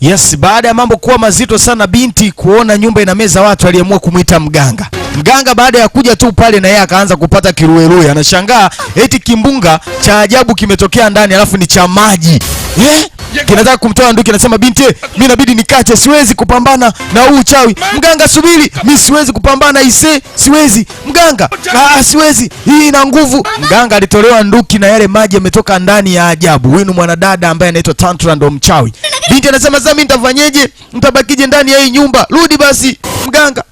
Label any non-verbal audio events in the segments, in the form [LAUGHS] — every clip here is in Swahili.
Yes, baada ya mambo kuwa mazito sana, binti kuona nyumba meza watu, aliamua kumwita mganga. Mganga baada ya kuja tu pale, na yeye akaanza kupata kiruerue, anashangaa eti kimbunga cha ajabu kimetokea ndani, alafu ni cha maji eh? Kinataka kumtoa nduki, anasema binti, mimi eh, inabidi nikache, siwezi kupambana na huu uchawi. Mganga, subiri, mimi siwezi kupambana ise, siwezi mganga, ah, siwezi, hii ina nguvu. Mganga alitolewa nduki na yale maji yametoka ndani ya ajabu. Huyu ni mwanadada ambaye anaitwa Tantra, ndo mchawi. Binti anasema sasa mimi nitafanyeje? Mtabakije ndani ya hii nyumba? Rudi basi mganga.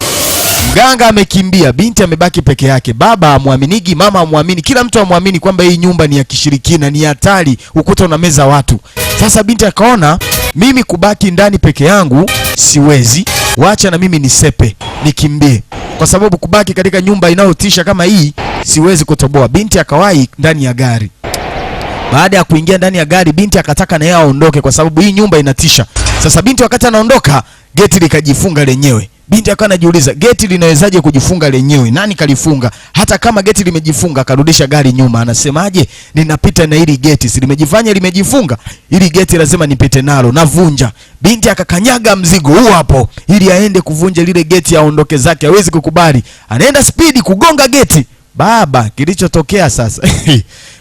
Mganga amekimbia, binti amebaki peke yake. Baba amwaminigi mama amwamini, kila mtu amwamini kwamba hii nyumba ni ya kishirikina, ni hatari, ukuta unameza watu. Sasa binti akaona mimi kubaki ndani peke yangu siwezi, wacha na mimi nisepe, nikimbie, kwa sababu kubaki katika nyumba inayotisha kama hii siwezi kutoboa. Binti akawahi ndani ya gari. Baada ya kuingia ndani ya gari, binti akataka na yeye aondoke, kwa sababu hii nyumba inatisha. Sasa binti wakati anaondoka, geti likajifunga lenyewe. Binti akawa anajiuliza geti linawezaje kujifunga lenyewe? Nani kalifunga? Hata kama geti limejifunga, akarudisha gari nyuma, anasemaje? Ninapita na hili geti, si limejifanya limejifunga, hili geti lazima nipite nalo, navunja. Binti akakanyaga mzigo huo hapo, ili aende kuvunja lile geti, aondoke zake, hawezi kukubali, anaenda spidi kugonga geti. Baba, kilichotokea sasa [LAUGHS]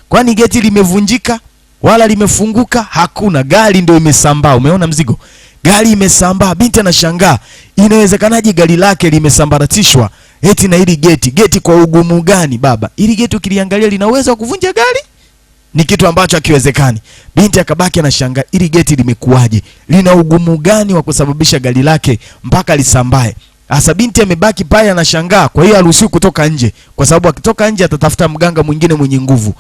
Kwani geti limevunjika wala limefunguka? Hakuna, gari ndio imesambaa. Umeona mzigo, gari imesambaa. Binti anashangaa inawezekanaje gari lake limesambaratishwa eti na hili geti. Geti kwa ugumu gani baba? Hili geti ukiliangalia lina uwezo wa kuvunja gari? Ni kitu ambacho hakiwezekani. Binti akabaki anashangaa, hili geti limekuwaje? Lina ugumu gani wa kusababisha gari lake mpaka lisambae? Asa binti amebaki pale anashangaa, kwa hiyo haruhusiwi kutoka nje, kwa sababu akitoka nje atatafuta mganga mwingine mwenye nguvu.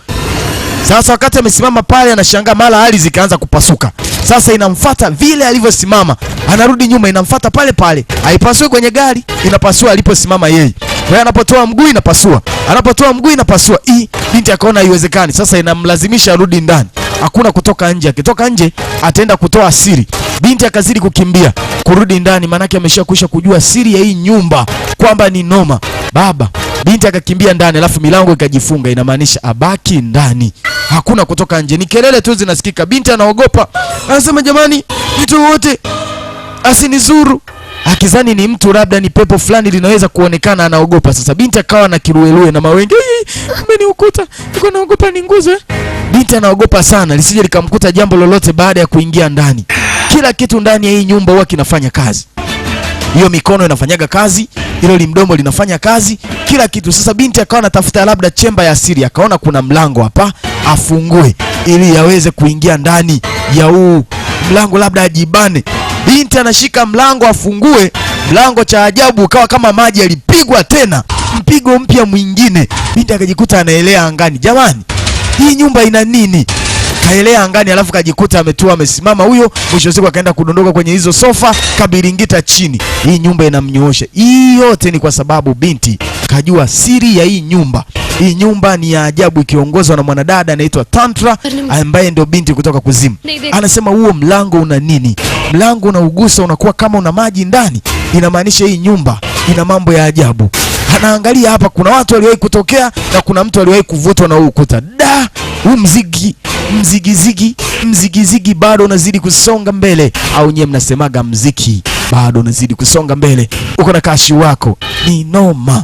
Sasa wakati amesimama pale, anashangaa mara hali zikaanza kupasuka. Sasa inamfata vile alivyosimama, anarudi nyuma, inamfata pale pale. Haipasui kwenye gari, inapasua aliposimama yeye. Kwa hiyo anapotoa mguu inapasua, anapotoa mguu inapasua. Hii binti akaona haiwezekani, sasa inamlazimisha arudi ndani. Hakuna kutoka nje, akitoka nje ataenda kutoa siri. Binti akazidi kukimbia kurudi ndani, maanake ameshakwisha kujua siri ya hii nyumba kwamba ni noma. Baba binti akakimbia ndani, alafu milango ikajifunga, inamaanisha abaki ndani, hakuna kutoka nje. Ni kelele tu zinasikika. Binti anaogopa, anasema jamani, mtu wote asinizuru akizani ni mtu labda ni pepo fulani linaweza kuonekana, anaogopa. Sasa binti akawa na kiruelue na mawenge, kumbe ukuta, niko naogopa ni nguzo. Eh. Binti anaogopa sana lisije likamkuta jambo lolote baada ya kuingia ndani. Kila kitu ndani ya hii nyumba huwa kinafanya kazi, hiyo mikono inafanyaga kazi, hilo limdomo linafanya kazi kila kitu. Sasa binti akawa anatafuta labda chemba ya siri, akaona kuna mlango hapa, afungue ili aweze kuingia ndani ya huu mlango, labda ajibane. Binti anashika mlango, afungue mlango, cha ajabu ukawa kama maji yalipigwa tena mpigo mpya mwingine. Binti akajikuta anaelea angani. Jamani, hii nyumba ina nini? kaelea angani, alafu kajikuta ametua amesimama huyo. Mwisho siku akaenda kudondoka kwenye hizo sofa, kabiringita chini. Hii nyumba inamnyoosha. Hii yote ni kwa sababu binti kajua siri ya hii nyumba. Hii nyumba ni ya ajabu, ikiongozwa na mwanadada anaitwa Tantra, ambaye ndio binti kutoka kuzimu. Anasema huo mlango una nini? Mlango unaugusa unakuwa kama una maji ndani. Inamaanisha hii nyumba ina mambo ya ajabu. Anaangalia hapa, kuna watu waliwahi kutokea na kuna mtu aliwahi kuvutwa na huu ukuta. Da, huu mzigi mzigizigi mzigizigi bado unazidi kusonga mbele, au nyewe mnasemaga mziki bado unazidi kusonga mbele. Uko na kashi wako ni noma.